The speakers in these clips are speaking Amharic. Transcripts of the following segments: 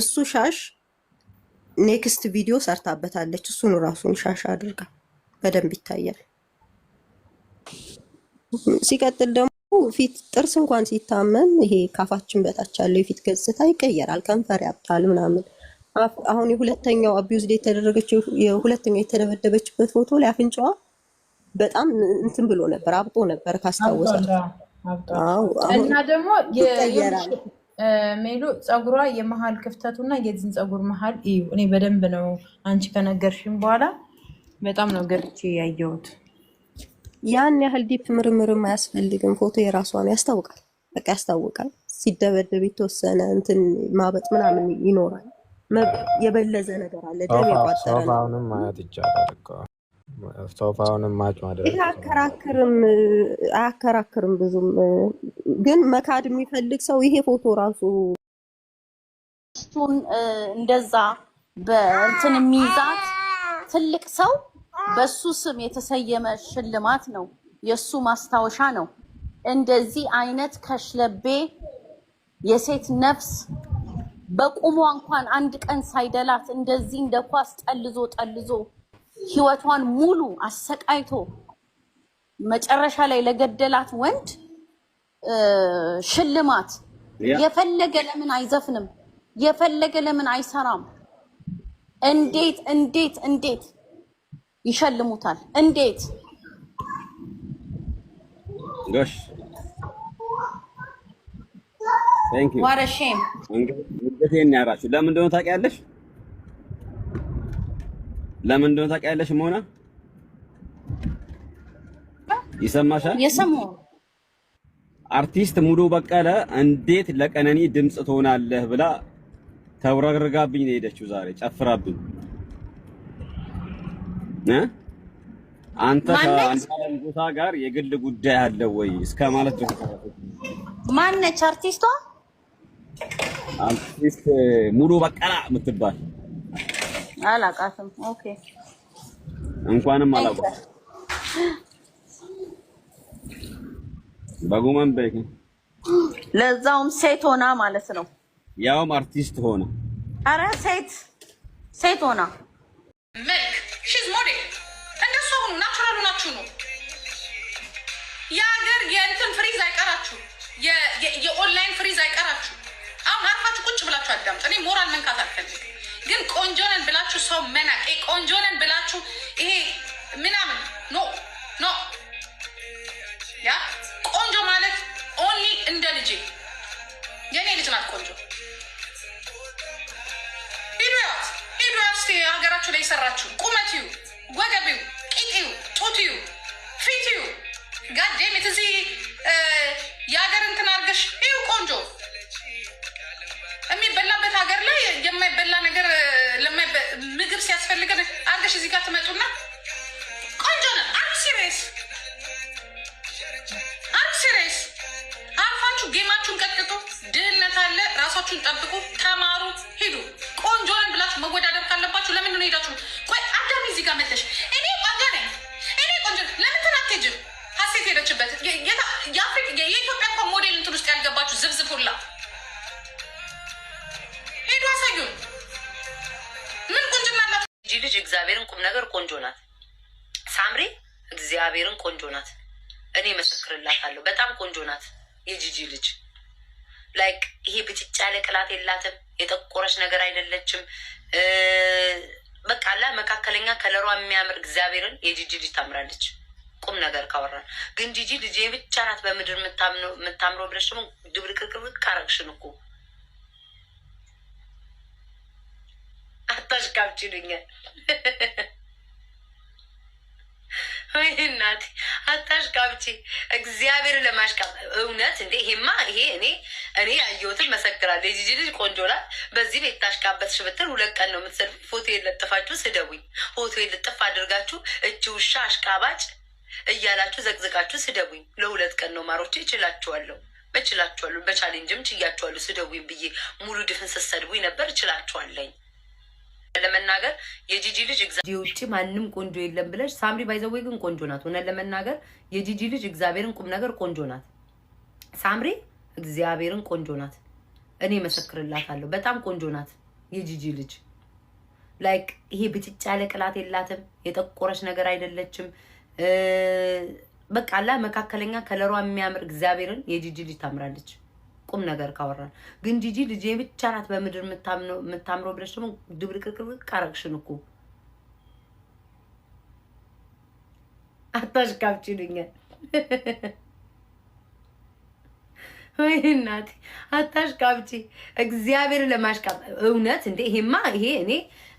እሱ ሻሽ ኔክስት ቪዲዮ ሰርታበታለች። እሱን ራሱን ሻሽ አድርጋ በደንብ ይታያል። ሲቀጥል ደግሞ ፊት ጥርስ እንኳን ሲታመም ይሄ ካፋችን በታች ያለው የፊት ገጽታ ይቀየራል። ከንፈር ያብጣል ምናምን። አሁን የሁለተኛው አቢዩዝ ላይ የተደረገችው የሁለተኛው የተደበደበችበት ፎቶ ላይ አፍንጫዋ በጣም እንትን ብሎ ነበር፣ አብጦ ነበር ካስታወሳል እና ደግሞ ይቀየራል ሜሎ ፀጉሯ የመሀል ክፍተቱ እና የዚህን ፀጉር መሀል እዩ። እኔ በደንብ ነው አንቺ ከነገርሽም በኋላ በጣም ነው ገርቼ ያየሁት። ያን ያህል ዲፕ ምርምርም አያስፈልግም። ፎቶ የራሷን ያስታውቃል፣ በቃ ያስታውቃል። ሲደበደብ የተወሰነ እንትን ማበጥ ምናምን ይኖራል። የበለዘ ነገር አለ፣ ደም የቋጠረ ነው። አሁንም ማየት ይቻላል። ሶፋውንም ማጭ ማድረግ አያከራክርም አያከራክርም። ብዙም ግን መካድ የሚፈልግ ሰው ይሄ ፎቶ ራሱ ስቱን እንደዛ በእንትን የሚይዛት ትልቅ ሰው በሱ ስም የተሰየመ ሽልማት ነው፣ የእሱ ማስታወሻ ነው። እንደዚህ አይነት ከሽለቤ የሴት ነፍስ በቁሟ እንኳን አንድ ቀን ሳይደላት እንደዚህ እንደ ኳስ ጠልዞ ጠልዞ ህይወቷን ሙሉ አሰቃይቶ መጨረሻ ላይ ለገደላት ወንድ ሽልማት የፈለገ ለምን አይዘፍንም? የፈለገ ለምን አይሰራም? እንዴት እንዴት እንዴት ይሸልሙታል? እንዴት ጎሽ ዋረሼም እንግዲህ ያራችሁ ለምን እንደሆነ ታውቂያለሽ? ለምን እንደሆነ ታውቂያለሽ? መሆና ይሰማሻል? የሰማው አርቲስት ሙሉ በቀለ እንዴት ለቀነኒ ድምጽ ትሆናለህ ብላ ተውረርጋብኝ ነው የሄደችው። ዛሬ ጨፍራብኝ እ አንተ ከአንሳለም ቦታ ጋር የግል ጉዳይ አለ ወይ እስከ ማለት ነው። ማነች አርቲስቷ? አርቲስት ሙሉ በቀላ የምትባል አላቃትም ኦኬ እንኳንም አላውቃትም። በጉመን በይ ለዛውም ሴት ሆና ማለት ነው። ያውም አርቲስት ሆና አረ ሴት ሴት ሆና መልክ ሺዝ ሞዴል እንደሱ ሁኑ። ናቹራል ሆናችሁ ነው የሀገር የእንትን ፍሪዝ አይቀራችሁ፣ የኦንላይን ፍሪዝ አይቀራችሁ አሁን አርፋችሁ ቁጭ ብላችሁ አዳምጥ። እኔ ሞራል መንካት አልፈልግ፣ ግን ቆንጆ ነን ብላችሁ ሰው መናቅ፣ ቆንጆ ነን ብላችሁ ይሄ ምናምን ኖ ኖ። ያ ቆንጆ ማለት ኦንሊ እንደ ልጄ የኔ ልጅ ናት ቆንጆ። ሂዱያት ሂዱያት ስ ሀገራችሁ ላይ የሰራችሁ ቁመትዩ፣ ወገቢው፣ ቂጥዩ፣ ጡትዩ፣ ፊትዩ ጋዴሚት እዚህ የሀገር እንትን አርገሽ ይሁ ቆንጆ የሚበላበት ሀገር ላይ የማይበላ ነገር ምግብ ሲያስፈልገን አርገሽ እዚህ ጋር ትመጡና ቆንጆ ነን። አም ሲሪየስ አም ሲሪየስ አርፋችሁ ጌማችሁን ቀጥቅጡ። ድህነት አለ። ራሳችሁን ጠብቁ፣ ተማሩ፣ ሂዱ። ቆንጆ ነን ብላችሁ መወዳደር ካለባችሁ ለምንድን ነው ሄዳችሁ? ቆይ አዳሚ እዚህ ጋር መለሽ እኔ ቆንጆ ነኝ፣ እኔ ቆንጆ ለምን ትናትጅ ሀሴት ሄደችበት ነገር ቆንጆ ናት ሳምሪ፣ እግዚአብሔርን ቆንጆ ናት። እኔ መሰክርላታለሁ። በጣም ቆንጆ ናት የጂጂ ልጅ ላይክ ይሄ ብጭጭ ያለ ቅላት የላትም። የጠቆረች ነገር አይደለችም። በቃ አላ መካከለኛ ከለሯ የሚያምር እግዚአብሔርን የጂጂ ልጅ ታምራለች። ቁም ነገር ካወራን ግን ጂጂ ልጅ ብቻ ናት በምድር የምታምረው ብለሽ ደግሞ ድብርቅቅብቅ ካረግሽን እኮ አታሽካብች ይሉኛል። ወይ እናቴ አታሽቃብቺ፣ እግዚአብሔር ለማሽቃብ እውነት እንዴ! ይሄማ ይሄ እኔ እኔ ያየሁትን መሰክራለሁ። የጂጂ ልጅ ቆንጆ ናት። በዚህ ቤት ታሽቃበትሽ ብትል ሁለት ቀን ነው የምትሰል። ፎቶ የለጥፋችሁ ስደቡኝ። ፎቶ የለጥፍ አድርጋችሁ እጅ ውሻ አሽቃባጭ እያላችሁ ዘቅዘቃችሁ ስደቡኝ። ለሁለት ቀን ነው ማሮቼ። እችላችኋለሁ፣ እችላችኋለሁ። በቻሌንጅም ችያችኋለሁ። ስደቡኝ ብዬ ሙሉ ድፍን ስትሰድቡኝ ነበር። እችላችኋለኝ ለመናገር የጂጂ ልጅ ውጭ ማንም ቆንጆ የለም ብለሽ ሳምሪ ባይዘወይ ግን ቆንጆ ናት። ሆነ ለመናገር የጂጂ ልጅ እግዚአብሔርን ቁም ነገር ቆንጆ ናት። ሳምሪ እግዚአብሔርን ቆንጆ ናት። እኔ መሰክርላታለሁ። በጣም ቆንጆ ናት የጂጂ ልጅ ላይክ ይሄ ብጭጭ ያለ ቅላት የላትም። የጠቆረች ነገር አይደለችም። በቃ ላ መካከለኛ ከለሯ የሚያምር እግዚአብሔርን የጂጂ ልጅ ታምራለች። ቁም ነገር ካወራን ግን ጂጂ ልጄ ብቻ ናት በምድር የምታምረው ብለሽ ደግሞ ድብልቅርቅርቅ አረግሽን እኮ አታሽካብች ይሉኛል። ወይ እናቴ አታሽቃብጪ፣ እግዚአብሔር ለማሽቃብ እውነት እንዴ! ይሄማ ይሄ እኔ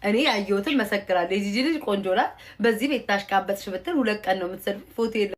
እኔ ያየሁትን መሰክራለሁ። የጂጂ ልጅ ቆንጆ ናት። በዚህ ቤት ታሽቃበጥሽ ብትል ሁለት ቀን ነው የምትሰድብ ፎቶ የለ